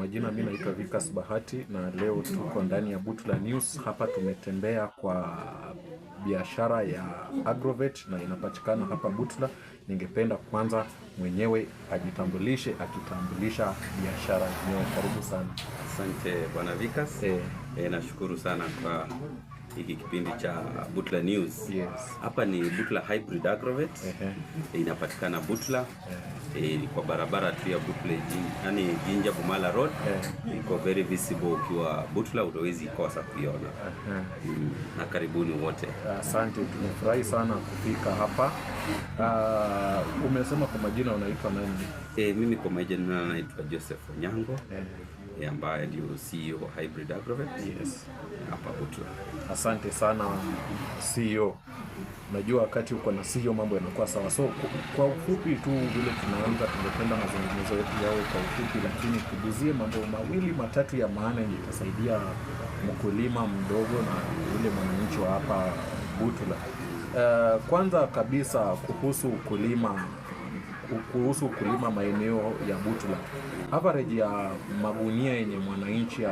majina, mi naitwa Vikas Bahati na leo tuko ndani ya Butula News. Hapa tumetembea kwa biashara ya Agrovet na inapatikana hapa Butula. Ningependa kwanza mwenyewe ajitambulishe akitambulisha biashara yenyewe. Karibu sana. Asante bwana Vikas. E, e, nashukuru sana kwa hiki kipindi cha Butla News. Hapa yes. Ni Butla Hybrid Agrovet uh eh, -huh. Inapatikana Butla uh -huh. E, kwa barabara tu ya Butla yani Jinja Bumala Road uh -huh. Iko very visible ukiwa Butla utawezi kosa kuiona uh -huh. Mm, na karibuni wote. Asante, tumefurahi sana kufika hapa. Uh, umesema kwa majina unaitwa nani? Eh, mimi kwa majina naitwa Joseph Onyango uh -huh ambaye ndio CEO wa Hybrid Agrovet yes. hapa Butra. Asante sana CEO. Najua wakati uko na CEO mambo yanakuwa sawa, so kwa ufupi tu vile tunaanza, tungependa mazungumzo yetu yao kwa ufupi, lakini tuguzie mambo mawili matatu ya maana yenye itasaidia mkulima mdogo na yule mwananchi wa hapa Butula. Uh, eh, kwanza kabisa kuhusu ukulima kuhusu kulima maeneo ya Butula, average ya magunia yenye mwananchi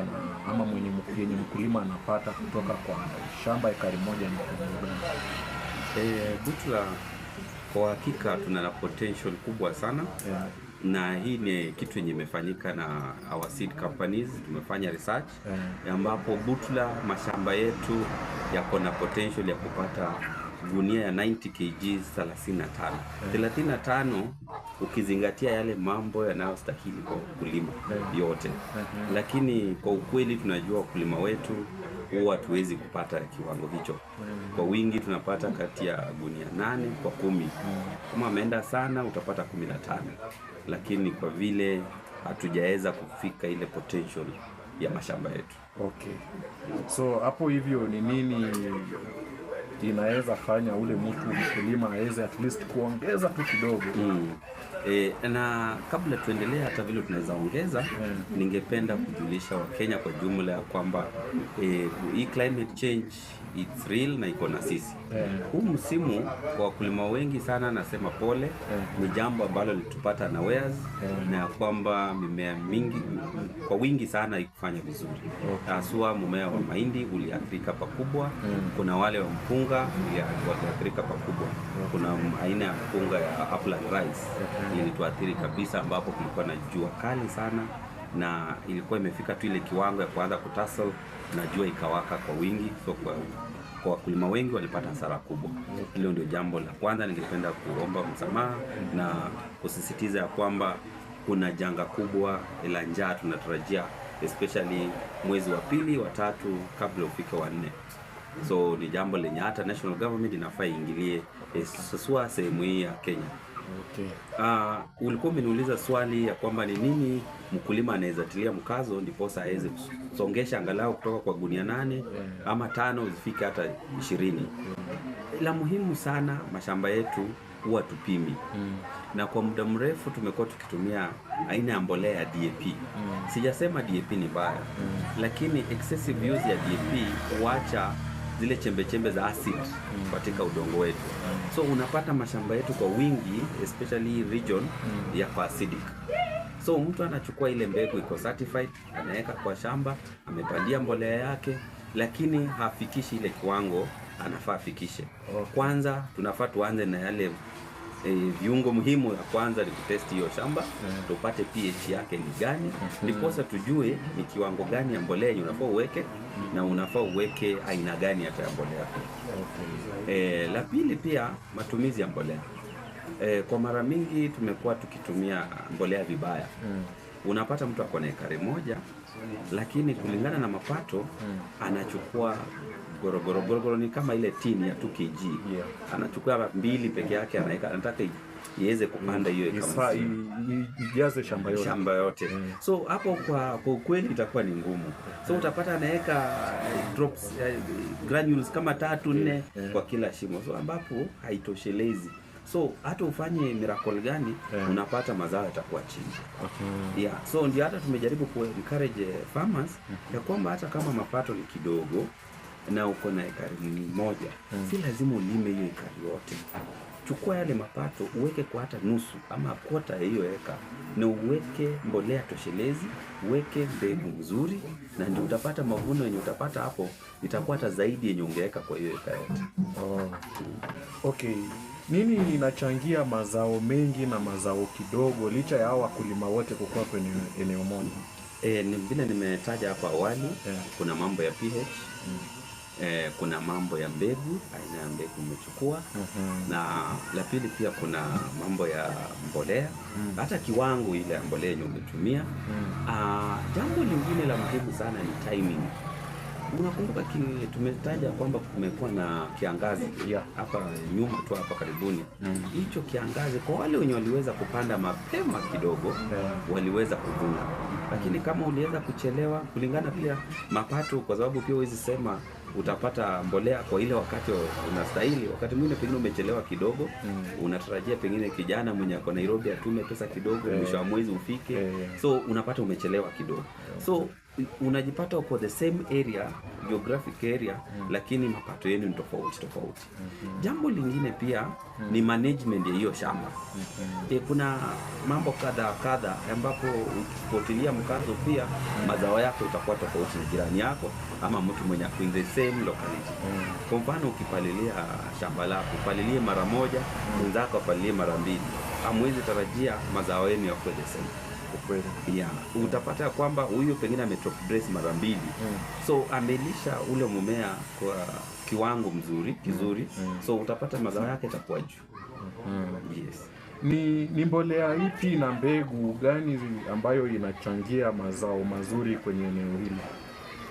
ama mwenye yenye mkulima anapata kutoka kwa shamba ekari moja ni kiasi eh, Butula kwa hakika tuna potential kubwa sana yeah. Na hii ni kitu yenye imefanyika na our seed companies, tumefanya research Ambapo Butula mashamba yetu yako na potential ya kupata gunia ya 90 kg 35. 35 eh. ukizingatia yale mambo yanayostahili kwa ukulima eh. yote, eh. lakini kwa ukweli tunajua ukulima wetu huwa hatuwezi kupata kiwango hicho. Kwa wingi tunapata kati ya gunia nane kwa kumi. Kama ameenda sana utapata 15, lakini kwa vile hatujaweza kufika ile potential ya mashamba yetu. Okay. So hapo hivyo ni nini inaweza fanya ule mtu mkulima aweze at least kuongeza tu kidogo mm. E, na kabla tuendelee hata vile tunaweza ongeza yeah. Mm. Ningependa kujulisha Wakenya kwa jumla ya kwamba e, hii climate change it's real na iko na sisi yeah. Mm. Huu msimu kwa wakulima wengi sana nasema pole yeah. Mm. Ni jambo ambalo litupata unawares yeah. Na ya kwamba mimea mingi kwa wingi sana ikufanya vizuri haswa mumea Mmea wa mahindi uliathirika pakubwa yeah. Kuna wale wa mpunga waliathirika pakubwa Kuna aina ya mpunga ya upland rice okay ilituathiri kabisa, ambapo kulikuwa na jua kali sana na ilikuwa imefika tu ile kiwango ya kuanza kutasel na jua ikawaka kwa wingi, so kwa kwa wakulima wengi walipata hasara kubwa. Hilo ndio jambo la kwanza, ningependa kuomba msamaha na kusisitiza ya kwamba kuna janga kubwa la njaa tunatarajia especially mwezi wa pili wa tatu kabla ufike wa nne. So ni jambo lenye hata national government inafaa iingilie sasua eh, sehemu hii ya Kenya. Okay. Uh, ulikuwa umeniuliza swali ya kwamba ni nini mkulima anaweza tilia mkazo ndiposa aweze kusongesha angalau kutoka kwa gunia nane ama tano zifike hata ishirini. La muhimu sana, mashamba yetu huwa tupimi mm. na kwa muda mrefu tumekuwa tukitumia aina ya mbolea ya DAP mm. Sijasema DAP ni mbaya mm. lakini excessive use ya DAP huacha zile chembechembe za acid mm. katika udongo wetu mm. so unapata mashamba yetu kwa wingi especially region mm. kwa acidic so mtu anachukua ile mbegu iko certified anaweka kwa shamba amepandia mbolea yake lakini hafikishi ile kiwango anafaa afikishe kwanza tunafaa tuanze na yale E, viungo muhimu ya kwanza ni kutesti hiyo shamba yeah. Tupate pH yake ni gani ndiposa yeah. Tujue ni kiwango gani ya mbolea yenye unafaa uweke mm. Na unafaa uweke aina gani hata ya mbolea okay. E, la pili pia matumizi ya mbolea e, kwa mara mingi tumekuwa tukitumia mbolea vibaya mm. Unapata mtu akona ekari moja lakini kulingana na mapato hmm. anachukua Gorogoro. Gorogoro ni kama ile tini ya 2kg yeah. Anachukua mbili peke yake anaweka, anataka iweze kupanda hiyo ijaze shamba yote, shamba yote. Mm. So hapo kwa, kwa kweli itakuwa ni ngumu, so utapata anaweka eh, drops uh, granules kama tatu nne yeah. kwa kila shimo, so ambapo haitoshelezi so hata ufanye miracle gani yeah. unapata mazao yatakuwa chini okay. yeah. so ndio hata tumejaribu ku encourage eh, farmers mm -hmm. ya kwamba hata kama mapato ni kidogo na uko na ekari moja hmm. si lazima ulime hiyo ekari yote. Chukua yale mapato uweke kwa hata nusu ama kota ya hiyo eka, na uweke mbolea toshelezi, uweke mbegu nzuri, na ndio utapata mavuno yenye utapata hapo, itakuwa hata zaidi yenye ungeweka kwa hiyo eka yote. Oh. Okay. Nini inachangia mazao mengi na mazao kidogo licha ya hao wakulima wote kukua kwenye eneo moja? E, ni vile nimetaja hapo awali yeah. Kuna mambo ya pH mm eh, kuna mambo ya mbegu, aina ya mbegu umechukua -hmm. na la pili pia kuna mambo ya mbolea mm. hata kiwango ile ya mbolea yenye umetumia. Mhm. Ah, jambo lingine la muhimu sana ni timing Unakumbuka tumetaja kwamba kumekuwa na kiangazi hapa yeah, nyuma tu hapa karibuni mm. hicho mm, kiangazi kwa wale wenye waliweza kupanda mapema kidogo yeah, waliweza kuvuna, lakini kama uliweza kuchelewa, kulingana pia mapato, kwa sababu pia huwezi sema utapata mbolea kwa ile wakati unastahili. Wakati mwingine pengine umechelewa kidogo mm, unatarajia pengine kijana mwenye ako Nairobi atume pesa kidogo, yeah, mwisho wa mwezi ufike, yeah, so unapata umechelewa kidogo, so unajipata uko the same area geographic area mm -hmm. lakini mapato yenu ni tofauti tofauti. mm -hmm. Jambo lingine pia mm -hmm. ni management ya hiyo shamba. mm -hmm. E, kuna mambo kadha kadha ambapo ukipotilia mkazo pia mm -hmm. mazao yako itakuwa tofauti na jirani yako ama mtu mwenye ako in the same locality. mm -hmm. Kwa mfano ukipalilia shamba lako upalilie mara moja mm. mwenzako mm -hmm. apalilie mara mbili, amwezi tarajia mazao yenu yakuwe the same yeah. Utapata kwamba huyu pengine ametop dress mara mbili mm. So amelisha ule mumea kwa kiwango mzuri mm. kizuri mm. Mm. So utapata mazao yake itakuwa juu mm. Yes. Ni, ni mbolea ipi na mbegu gani ambayo inachangia mazao mazuri kwenye eneo hili?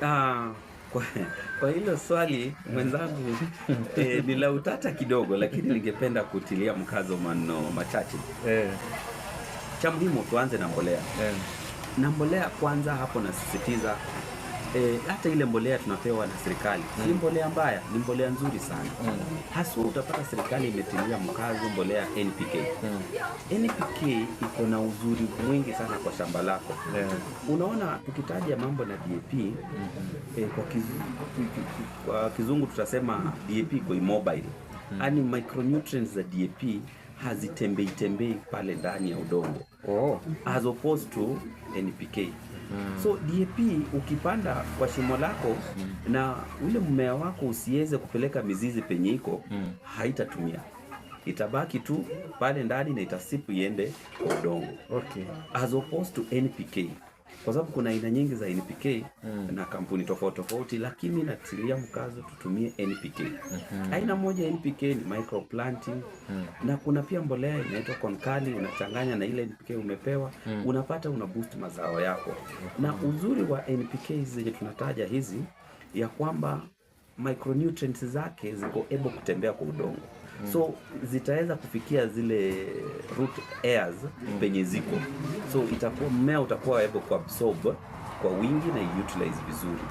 Ah, kwa, kwa hilo swali mwenzangu eh, ni la utata kidogo, lakini ningependa kutilia mkazo maneno machache eh cha muhimu tuanze na mbolea yeah. Na mbolea kwanza, hapo nasisitiza E, hata ile mbolea tunapewa na serikali mm. Si hmm. mbolea mbaya, ni mbolea nzuri sana mm. Haswa utapata serikali imetilia mkazo mbolea NPK mm. NPK iko na uzuri mwingi sana kwa shamba lako yeah. Unaona, tukitaja mambo na DAP mm -hmm. e, kwa, kizungu, kwa kizungu tutasema DAP kwa mobile mm. Ani micronutrients za DAP hazitembei tembei pale ndani ya udongo oh. as opposed to NPK mm. so DAP ukipanda kwa shimo lako mm. na ule mmea wako usiweze kupeleka mizizi penye iko mm. haitatumia itabaki tu pale ndani na itasipu iende kwa udongo okay. as opposed to NPK kwa sababu kuna aina nyingi za NPK mm. na kampuni tofauti tofauti, lakini natilia mkazo tutumie NPK mm -hmm. Aina moja NPK ni microplanting mm. na kuna pia mbolea inaitwa konkali, unachanganya na ile NPK umepewa mm. unapata una boost mazao yako mm -hmm. na uzuri wa NPK zenye tunataja hizi ya kwamba micronutrients zake ziko able kutembea kwa udongo mm. so zitaweza kufikia zile root airs mm. penye ziko so itakuwa mmea utakuwa able kuabsorb kwa wingi na utilize vizuri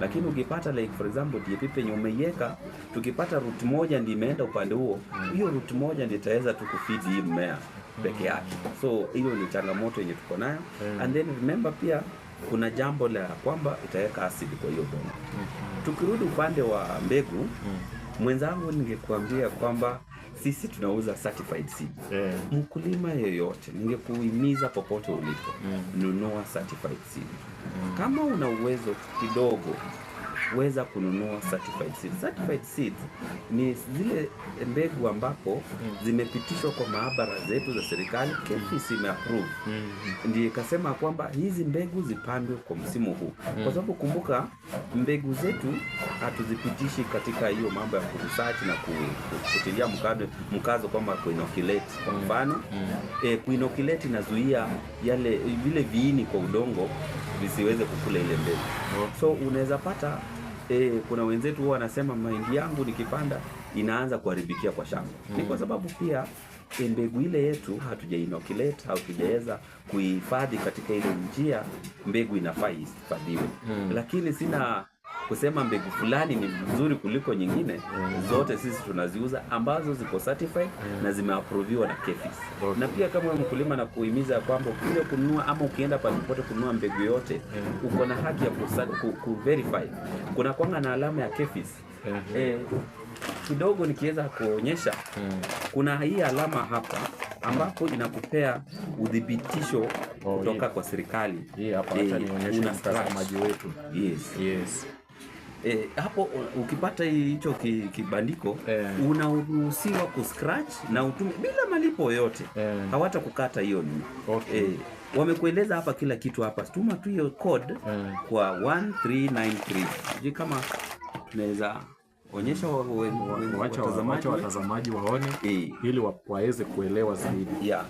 lakini ukipata like for example DAP penye umeiweka, tukipata root moja ndi imeenda upande huo, mm. hiyo root moja ndi itaweza tu kufeed hii mmea mm. peke yake. So hiyo ni changamoto yenye tuko nayo mm. and then remember pia kuna jambo la kwamba itaweka asidi kwa hiyo bomba. Tukirudi upande wa mbegu Mwenzangu, ningekuambia kwamba sisi tunauza certified seed yeah. Mkulima yeyote ningekuhimiza popote ulipo mm. Nunua certified seed mm. Kama una uwezo kidogo weza kununua certified seeds. Certified seeds ni zile mbegu ambapo mm. zimepitishwa kwa maabara zetu za serikali KEPHIS imeapprove. Mm mm-hmm. ikasema kwamba hizi mbegu zipandwe kwa msimu huu, kwa mm. sababu kumbuka, mbegu zetu hatuzipitishi katika hiyo mambo ya kuresearch na kutilia mkazo mkazo kwamba kuinoculate. Kwa mm. mfano mm -hmm. inazuia yale vile viini kwa udongo visiweze kukula ile mbegu, oh. so unaweza pata eh, kuna wenzetu huwa wanasema mahindi yangu nikipanda inaanza kuharibikia kwa shamba mm. Ni kwa hmm. sababu pia e, mbegu ile yetu au hatujaweza kuihifadhi katika ile njia mbegu inafaa ihifadhiwe mm. Lakini sina kusema mbegu fulani ni mzuri kuliko nyingine mm. Zote sisi tunaziuza ambazo ziko certified mm. na zimeapproviwa na KEFIS okay. Na pia kama mkulima na kuhimiza kwamba ukija kununua ama ukienda popote kununua mbegu yote mm. uko na haki ya kuverify ku, kuna kwanga na alama ya KEFIS mm -hmm. E, eh, kidogo nikiweza kuonyesha mm. kuna hii alama hapa ambapo inakupea udhibitisho oh, kutoka oh, yeah. kwa serikali yeah, hapa, e, una wetu. Yes. Yes. E, hapo ukipata hicho kibandiko yeah. Unaruhusiwa scratch na utume bila malipo yote yeah. Hawata kukata hiyo nini okay. E, wamekueleza hapa kila kitu hapa, tuma tu hiyo code yeah. Kwa 1393 sijui kama tunaweza onyesha wacha watazamaji waone eh. ili waweze kuelewa zaidi. Yeah.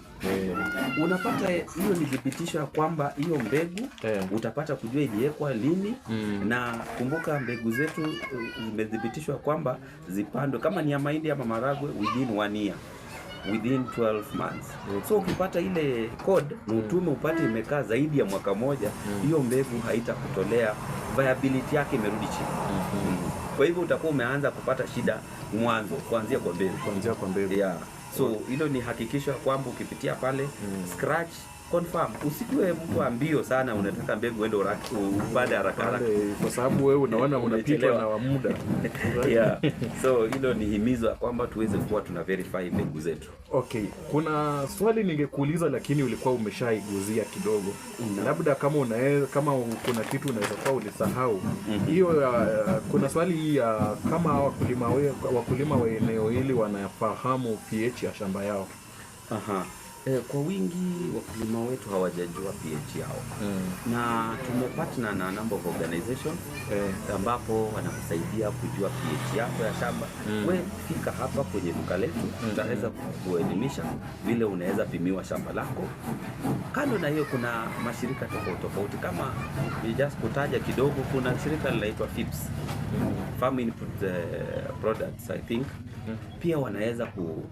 Unapata hiyo ni thibitisho ya kwamba hiyo mbegu eh. utapata kujua iliwekwa lini mm. Na kumbuka mbegu zetu zimethibitishwa uh, kwamba zipandwe kama ni ya mahindi ama maragwe within one year within 12 months. okay. Mm. So ukipata ile code mm. utume upate imekaa zaidi ya mwaka moja mm. hiyo mm. mbegu haitakutolea viability yake imerudi chini. Mm-hmm. mm -hmm. mm. Kwa hivyo utakuwa umeanza kupata shida mwanzo, kuanzia kwa mbele, kuanzia kwa mbele yeah. So hilo ni hakikisho kwamba ukipitia pale mm. scratch confirm Usikuwe mtu mbio sana, unataka mbegu uende upande haraka haraka, kwa sababu wewe unaona unapitwa na muda yeah. So hilo ni himizo kwamba tuweze kuwa tuna verify mbegu zetu. Okay, kuna swali ningekuuliza, lakini ulikuwa umeshaiguzia kidogo mm. Labda kama unaweza, kama kuna kitu unaweza kuwa ulisahau mm-hmm. hiyo mm -hmm. Uh, kuna swali hii uh, kama wakulima we, wakulima wa eneo hili wanafahamu pH ya shamba yao. Aha eh, kwa wingi wakulima wetu hawajajua PH yao mm. na tumepartner na number of organization eh, ambapo wanakusaidia kujua PH yako ya shamba mm. we fika hapa kwenye duka letu mm. tutaweza mm. kuelimisha vile unaweza pimiwa shamba lako. Kando na hiyo, kuna mashirika tofauti tofauti kama just kutaja kidogo, kuna shirika linaitwa FIPS mm. Farm Input eh, Products I think mm. pia wanaweza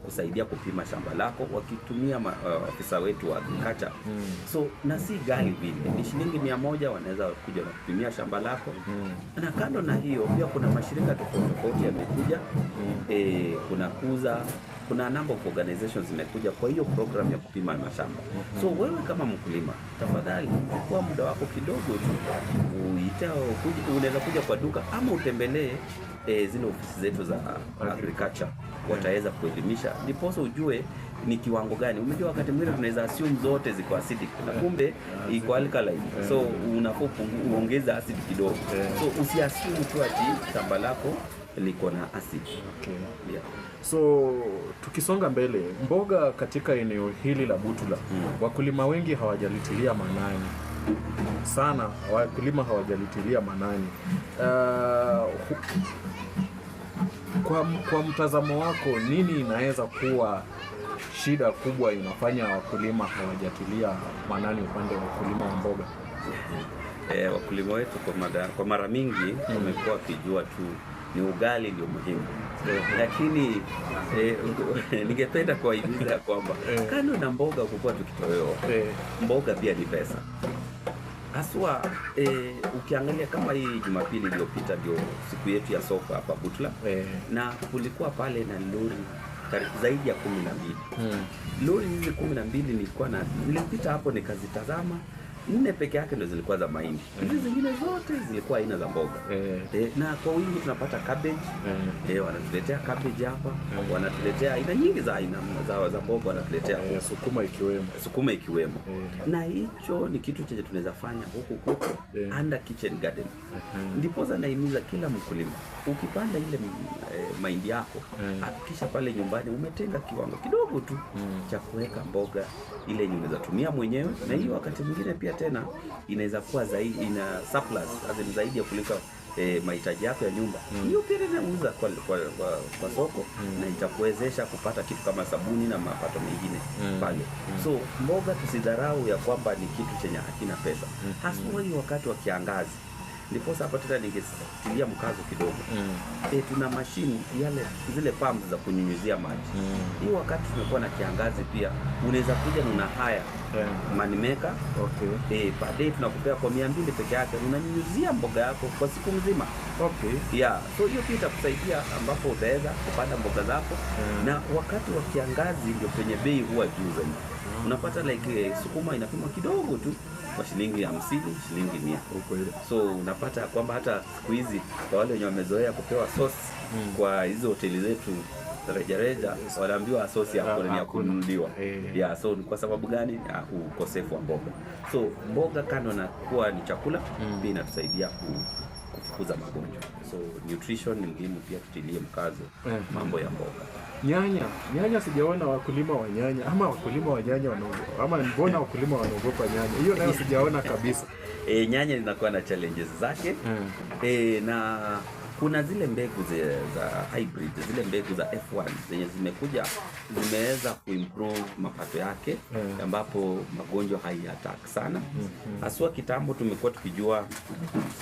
kusaidia kupima shamba lako wakitumia ma, afisa uh, wetu wa agriculture mm. So na si gari vile, ni shilingi mia moja wanaweza kuja na kupimia shamba lako mm. Na kando na hiyo pia kuna mashirika tofauti tofauti yamekuja mm. E, kuna kuza kuna number of organizations zimekuja kwa hiyo program ya kupima mashamba mm -hmm. So wewe kama mkulima, tafadhali kwa muda wako kidogo tu uita, unaweza kuja kwa duka ama utembelee e, zile ofisi zetu za agriculture wataweza kuelimisha, ndiposa ujue ni kiwango gani. Umejua wakati mwingine tunaweza assume zote ziko acidic na kumbe iko alkaline, so unafaa uongeza acid kidogo, so usiassume tu ati shamba lako liko na acid. Okay. Yeah. So tukisonga mbele, mboga katika eneo hili la Butula hmm. wakulima wengi hawajalitilia maanani sana, wakulima hawajalitilia maanani uh, kwa, kwa mtazamo wako nini inaweza kuwa shida kubwa inafanya wakulima hawajatilia maanani upande wa wakulima wa mboga? E, wakulima wetu kwa, mada, kwa mara mingi hmm. wamekuwa hmm. wakijua tu ni ugali ndio muhimu hmm. lakini eh, ningependa kuwahimiza kwamba hmm. kando na mboga kukuwa tukitoweo, mboga pia ni pesa haswa e, ukiangalia kama hii Jumapili iliyopita ndio siku yetu ya soko hapa butla e. Eh. na kulikuwa pale na lori zaidi ya kumi na mbili mm. lori hizi kumi na mbili nilikuwa na nilipita hapo nikazitazama nne peke yake ndo zilikuwa za mahindi, eh. hizi yeah. zingine zote zilikuwa aina za mboga yeah. E, eh, na kwa wingi tunapata cabbage yeah. E, eh, wanatuletea cabbage hapa yeah. wanatuletea aina nyingi za aina za, za mboga wanatuletea yeah. sukuma ikiwemo, sukuma ikiwemo yeah. na hicho ni kitu chenye tunaweza fanya huku huku yeah. under kitchen garden yeah. ndipo naimiza kila mkulima ukipanda ile e, mahindi yako hakikisha yeah. pale nyumbani umetenga kiwango kidogo tu mm. cha kuweka mboga ile nyingi zatumia mwenyewe na hiyo wakati mwingine pia tena inaweza kuwa zaidi, ina surplus as zaidi ya kuliko E, mahitaji yako ya nyumba hmm. hiyo Pia inauza kwa, kwa, kwa, kwa soko mm. Na itakuwezesha kupata kitu kama sabuni na mapato mengine mm. pale mm. So mboga tusidharau ya kwamba ni kitu chenye hakina pesa mm. Haswa hmm. hii wakati wa kiangazi Ndiposa hapa tena ningetilia mkazo kidogo mm. E, tuna mashini yale zile pumps za kunyunyuzia maji mm. hii Wakati tumekuwa na kiangazi pia unaweza kuja nuna haya yeah. Manimeka okay. E, baadaye tunakupea kwa mia mbili peke yake unanyunyuzia mboga yako kwa siku mzima okay. Yeah. So hiyo pia itakusaidia ambapo utaweza kupanda mboga zako mm. Na wakati wa kiangazi ndio penye bei huwa juu zaidi unapata like eh, sukuma inapimwa kidogo tu kwa shilingi hamsini, shilingi mia. So unapata kwamba hata siku hizi kwa wale wenye wamezoea kupewa sauce mm. kwa hizo hoteli zetu rejareja wanaambiwa sosi ya ah, kule ya kununuliwa. Yeah, so kwa sababu gani? Ukosefu wa mboga. So mboga kando na kuwa ni chakula, hmm. pia mm. inatusaidia kufukuza magonjwa. So nutrition ni muhimu pia tutilie mkazo yeah. Mambo ya mboga, nyanya nyanya, sijaona wakulima wa nyanya ama wakulima wa nyanya ama mbona wakulima wanaogopa nyanya hiyo, nayo sijaona kabisa. E, nyanya linakuwa na challenges zake yeah. E, eh, na kuna zile mbegu zile za hybrid, zile mbegu za F1 zenye zimekuja zimeweza kuimprove mapato yake yeah, mm. ambapo magonjwa haiataki sana mm-hmm. haswa. Kitambo tumekuwa tukijua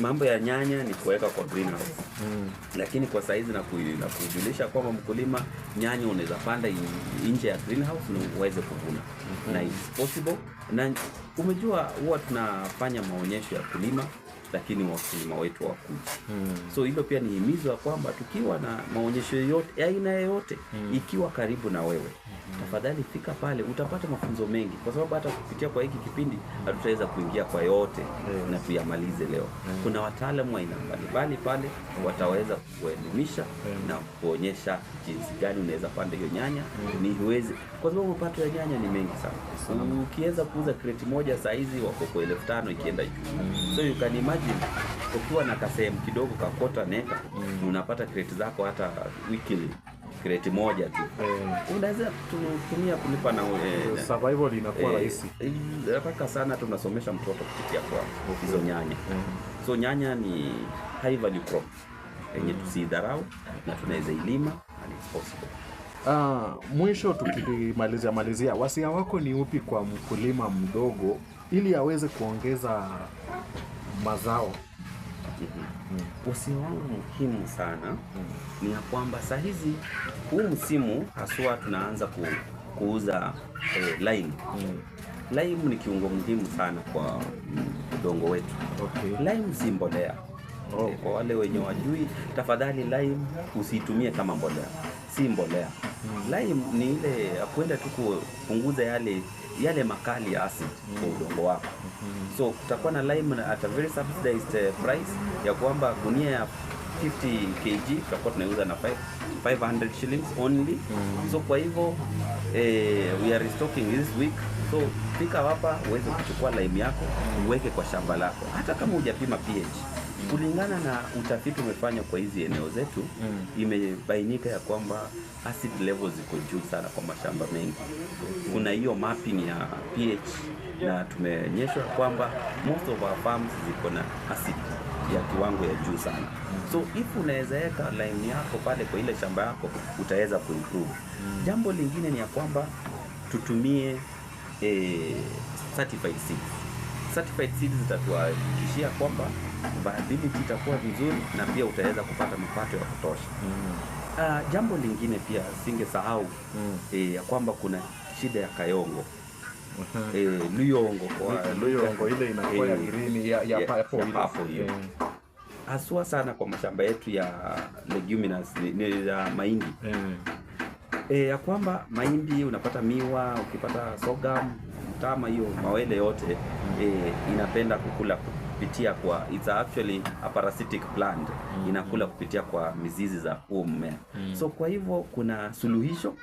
mambo ya nyanya ni kuweka kwa greenhouse mm, lakini kwa saizi na kujulisha kwamba mkulima, nyanya unaweza panda nje ya greenhouse na uweze kuvuna mm -hmm. na it's possible, na umejua huwa tunafanya maonyesho ya kulima lakini wakulima wetu wakuja. Hmm. So hilo pia ni himizo ya kwamba tukiwa na maonyesho yote aina yoyote hmm. ikiwa karibu na wewe hmm. tafadhali fika pale, utapata mafunzo mengi, kwa sababu hata kupitia kwa hiki kipindi hmm. hatutaweza kuingia kwa yote hmm. na tuyamalize leo hmm. kuna wataalamu aina mbalimbali pale hmm. wataweza kuelimisha hmm. na kuonyesha jinsi gani unaweza panda hiyo nyanya hmm. ni huwezi, kwa sababu mapato ya nyanya ni mengi sana. Ukiweza kuuza kreti moja saa hizi wako kwa elfu tano ikienda juu, hmm. so you can imagine nyingine ukiwa na kasehemu kidogo ka kakota neka mm. unapata kreti zako hata wikili kreti moja tu mm. unaweza kutumia kulipa na e, survival inakuwa rahisi e, nataka sana tunasomesha mtoto kupitia kwa hizo okay. nyanya mm. so nyanya ni high value crop yenye mm. tusidharau na tunaweza ilima and it's possible Ah, mwisho tukimalizia malizia, wasia wako ni upi kwa mkulima mdogo ili aweze kuongeza mazao. Usia mm-hmm. wangu muhimu sana mm. ni ya kwamba saa hizi huu msimu haswa tunaanza ku, kuuza eh, lime. Mm. Lime ni kiungo muhimu sana kwa udongo wetu. Okay. Lime si mbolea. Oh. Eh, kwa wale wenye wajui, tafadhali lime usiitumie kama mbolea, si mbolea. Mm. Lime ni ile kuenda tu kupunguza yale yale makali ya acid mm. kwa udongo wako mm -hmm. So kutakuwa na lime at a very subsidized eh, price ya kwamba gunia ya 50 kg tutakuwa tunauza na 5, 500 shillings only mm. So kwa hivyo eh, we are restocking this week so pika hapa uweze kuchukua lime yako mm. uweke kwa shamba lako hata kama hujapima pH Kulingana na utafiti umefanywa kwa hizi eneo zetu mm. imebainika ya kwamba acid levels ziko juu sana kwa mashamba mengi. Kuna hiyo mapping ya pH na tumeonyeshwa kwamba most of our farms ziko na acid ya kiwango ya juu sana. So if unaweza weka lime yako pale kwa ile shamba yako utaweza kuimprove. Mm. Jambo lingine ni ya kwamba tutumie eh, certified seeds. Certified seeds zitatuhakikishia kwamba viability itakuwa vizuri na pia utaweza kupata mapato ya kutosha. mm. Uh, jambo lingine pia singesahau mm. eh, ya kwamba kuna shida ya Kayongo eh, Luyongo kwa Luyongo ile inakuwa ya eh, green ya ya papo hiyo mm. haswa sana kwa mashamba yetu ya leguminous ni ya mahindi mm. eh, ya kwamba mahindi unapata miwa, ukipata sorghum, mtama, hiyo mawele yote mm. eh, inapenda kukula kupitia kwa it's actually a parasitic plant mm. inakula kupitia kwa mizizi za huo mmea mm. so kwa hivyo kuna suluhisho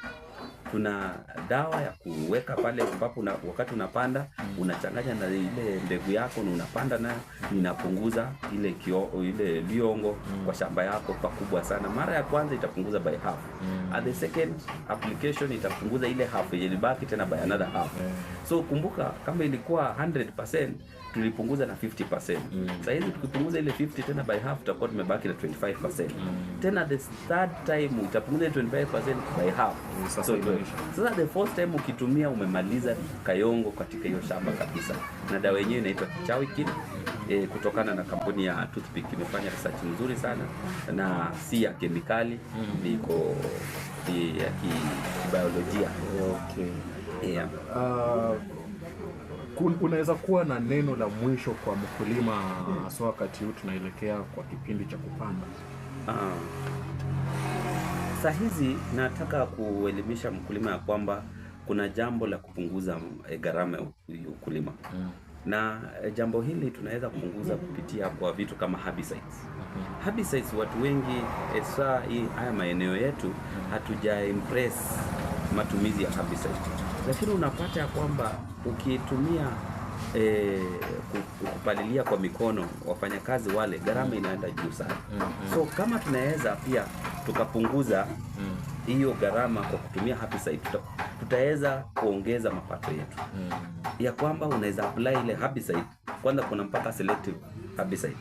tuna dawa ya kuweka pale ambapo una, wakati unapanda mm. unachanganya na ile mbegu yako na unapanda nayo, inapunguza ile kio, ile viongo mm. kwa shamba yako pakubwa sana. Mara ya kwanza itapunguza by half mm. at the second application itapunguza ile half yenye baki tena by another half mm. so kumbuka, kama ilikuwa 100% tulipunguza na 50%. Mm. Sasa hizi tukipunguza ile 50 tena by half tutakuwa tumebaki na 25%. Mm. Tena the third time utapunguza 25% by half. Mm. Sasa so, sasa the fourth time ukitumia umemaliza kayongo katika hiyo shamba kabisa. Na dawa yenyewe inaitwa kichawi E, eh, kutokana na kampuni ya Toothpick imefanya research nzuri sana na si ya kemikali mm. Niko ya kibiolojia. Okay. Yeah. Uh, unaweza kuwa na neno la mwisho kwa mkulima hasa wakati huu tunaelekea kwa kipindi cha kupanda? Ah, saa hizi nataka kuelimisha mkulima ya kwamba kuna jambo la kupunguza eh, gharama ya ukulima mm. Na eh, jambo hili tunaweza kupunguza kupitia kwa vitu kama herbicides. Mm-hmm. Herbicides watu wengi esa eh, haya maeneo yetu mm-hmm. hatuja impress matumizi ya herbicides lakini unapata ya kwamba ukitumia E, kupalilia kwa mikono wafanyakazi wale gharama inaenda juu sana. mm -hmm. So kama tunaweza pia tukapunguza mm-hmm. hiyo mm. gharama kwa kutumia herbicide, tutaweza kuongeza mapato yetu mm. ya kwamba unaweza apply ile herbicide. Kwanza kuna mpaka selective herbicide.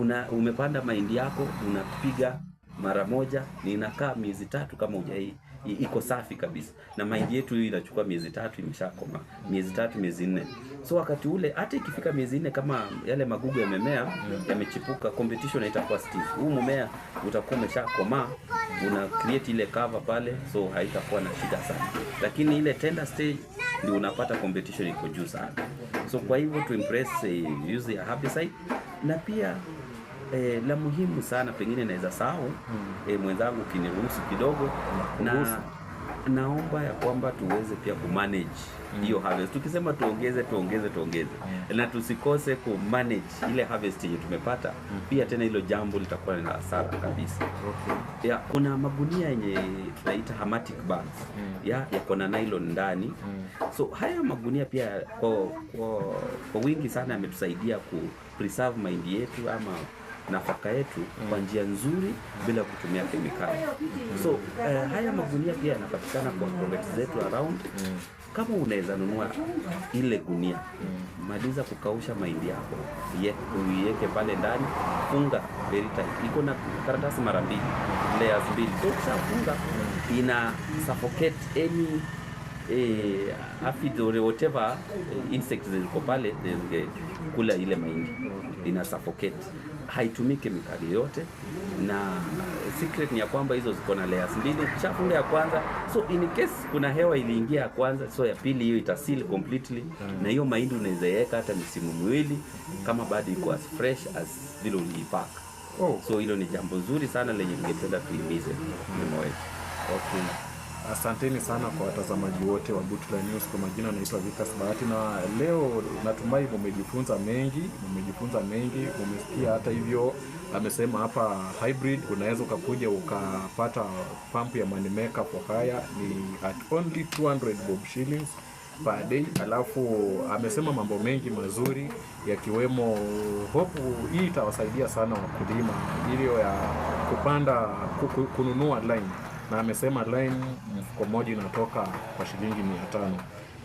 Una, umepanda mahindi yako unapiga mara moja, ni inakaa miezi tatu kama hujai iko safi kabisa, na mahindi yetu hiyo inachukua miezi tatu, imeshakoma miezi tatu miezi nne. So wakati ule hata ikifika miezi nne, kama yale magugu yamemea yamechipuka, competition itakuwa stiff. Huu mmea utakuwa umeshakomaa, una create ile cover pale, so haitakuwa na shida sana, lakini ile tender stage ndio unapata competition iko juu sana. So kwa hivyo to impress uh, eh, use ya herbicide na pia e, la muhimu sana pengine naweza sahau mm. e, mwenzangu kiniruhusu kidogo hmm. na naomba ya kwamba tuweze pia manage hmm. hiyo mm. harvest. Tukisema tuongeze tuongeze tuongeze yeah. Hmm. na tusikose manage ile harvest yenye tumepata mm. pia tena hilo jambo litakuwa na hasara kabisa. Okay. Ya, kuna magunia yenye tunaita hermetic bags mm. ya yako na nylon ndani mm. so haya magunia pia kwa, kwa, kwa wingi sana yametusaidia ku preserve mahindi yetu ama nafaka yetu mm. kwa njia nzuri bila kutumia kemikali. So uh, haya magunia pia yanapatikana kwa products zetu around mm. kama unaweza nunua ile gunia mm. maliza kukausha mahindi yako, uiweke pale ndani, funga very tight. Iko na karatasi mara mbili, layers mbili, ukishafunga ina suffocate any eh, aphid or whatever eh, insects ziko pale kula ile mahindi, ina suffocate haitumiki mikali yote, na secret ni ya kwamba hizo ziko na layers mbili, chafu ya kwanza, so in case kuna hewa iliingia ya kwanza, so ya pili hiyo ita seal completely, na hiyo mahindi unaweza yeka hata misimu miwili kama bado iko as fresh as vile uliipaka. Oh. So hilo ni jambo zuri sana lenye ningependa tuimize mema Okay. Asanteni sana kwa watazamaji wote wa Butula News. Kwa majina naitwa Vikas Bahati, na leo natumai mumejifunza mengi, mumejifunza mengi, umesikia hata hivyo amesema hapa hybrid, unaweza ukakuja ukapata pump ya Moneymaker kwa haya ni at only 200 bob shillings per day. Alafu amesema mambo mengi mazuri yakiwemo hope hii itawasaidia sana wakulima, iliyo ya kupanda kununua line na amesema line mfuko moja inatoka kwa shilingi mia tano.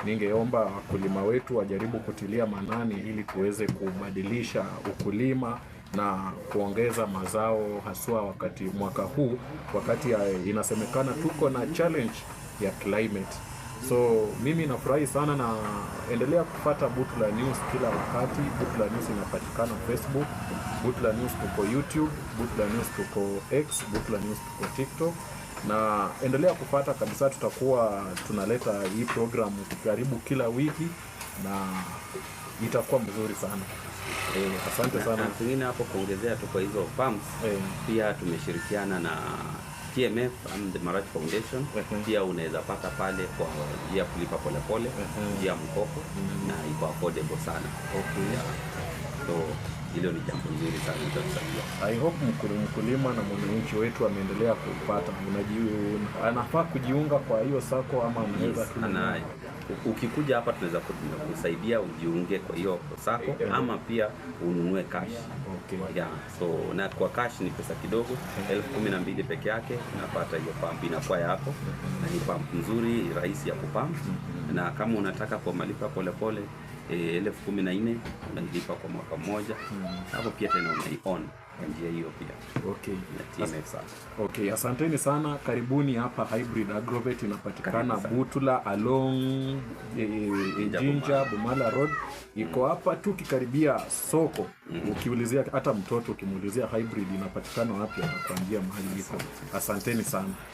Ningeomba wakulima wetu wajaribu kutilia manani ili tuweze kubadilisha ukulima na kuongeza mazao haswa wakati mwaka huu, wakati inasemekana tuko na challenge ya climate. So mimi nafurahi sana na endelea kupata Butula News kila wakati. Butula News inapatikana Facebook, Butula News tuko YouTube, Butula News tuko X, Butula News tuko TikTok na endelea kupata kabisa. Tutakuwa tunaleta hii programu karibu kila wiki na itakuwa mzuri sana. E, asante sana. Pengine hapo kuongezea tu kwa hizo pumps e, pia tumeshirikiana na TMF and the Marach Foundation uh -huh. Pia unaweza pata pale kwa njia kulipa polepole, njia uh -huh. mkopo mm-hmm. na iko affordable sana okay. Yeah. so hilo ni jambo nzuri sana itatusaidia. I hope mkulima na mwananchi wetu ameendelea kupata, anafaa kujiunga kwa hiyo sako ama anaweza yes, ukikuja hapa tunaweza kusaidia ujiunge kwa hiyo sako ama pia ununue cash. Okay. Yeah, so na kwa cash ni pesa kidogo elfu kumi na mbili peke yake unapata hiyo pump, inakuwa yako na ni pump nzuri rahisi ya kupump, mm-hmm. na kama unataka kwa malipa polepole pole, Eh, elfu kumi na nne kwa mwaka mmoja hmm. hapo pia tena unaion kwa njia hiyo pia. Okay. TMF. Okay, asanteni sana. Karibuni hapa Hybrid Agrovet inapatikana Butula along e, e, Jinja Bumala Road. Iko hmm. hapa tu kikaribia soko. Mm. Ukiulizia hata mtoto ukimuulizia Hybrid inapatikana wapi atakwambia mahali iko. Asanteni sana.